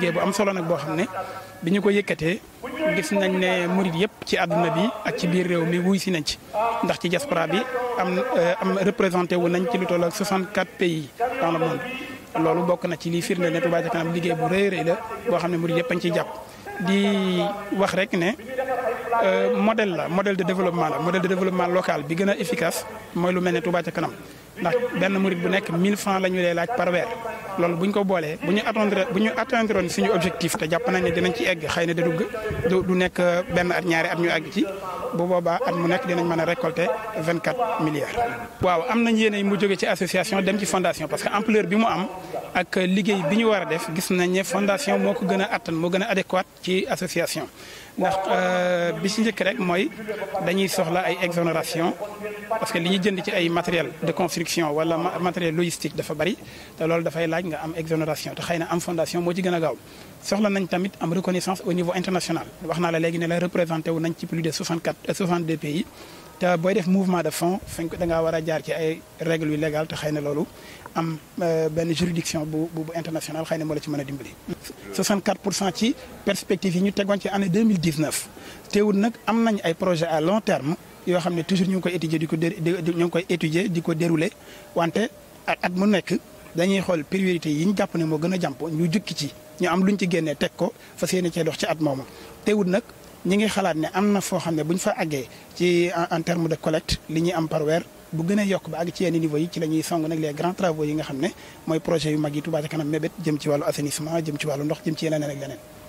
liggéey bu am solo nag boo xam ne bi ñu ko yëkkatee gis nañ ne murid yëpp ci àdduna bi ak ci biir réew mi wuy si nañ ci ndax ci diaspora bi am euh, am représenté wu nañ ci lu ak 64 pays dans le monde loolu bokk na ci lii firndeel ne Touba ca kanam liggéey bu rëy rëy la boo xam ne murid yëpp a ngi ciy jàpp di wax rek ne euh, modèle la modèle de développement la modèle de développement local bi gën a efficace mooy lu mel ne Touba ca kanam ndax benn murit bu nekk 1000 francs la ñu laaj par weer loolu bu ko boolee bu ñu atteindre bu ñu atteindroon suñu objectif te jàpp nañ ne dinañ ci egg xëy na du du nekk benn at ñaari at ñu àgg ci bu boobaa at mu nekk dinañ mën a récolter 24 milliards. waaw am nañ yéenay mu jogee ci association dem ci fondation parce que ampleur bi mu am ak liggéey bi ñu war a def gis nañ ne fondation moo ko gën a attan moo gën a adéquate ci association. ndax euh, bi si njëkk rek mooy dañuy soxla ay exonération parce que li ñuy jënd ay matériel production wala matériel logistique dafa bari te loolu dafay laaj nga am exonération te xëy am fondation moo ci gaaw soxla nañ tamit am reconnaissance au niveau international wax la léegi ne la représenté wu nañ ci plus de 64 62 euh, pays te booy def mouvement de fonds fañ ko da jaar ci ay règles yu légal te xëy loolu am euh, benn juridiction bu bu international xëy na ci mën a dimbali. 64 pour cent ci perspectives yoo xam ne toujours ñu ngi koy étudier di ko ñu ngi koy étudier di ko dérouler wante at mu nekk dañuy xool priorité yi ñu jàpp ne moo gën a jàmp ñu jukki ci ñu am luñ ci génnee teg ko fa yéene cee dox ci at moomu teewul nag ñi ngi xalaat ne am na foo xam ne bu ñu fa àggee ci en terme de collecte li ñuy am par weer bu gën a yokk ba àgg ci yenn niveau yi ci la song nag les grands travaux yi nga xam ne mooy projet yu mag yi Touba ca kanam wàllu assainissement jëm wàllu ndox jëm ci yeneen ak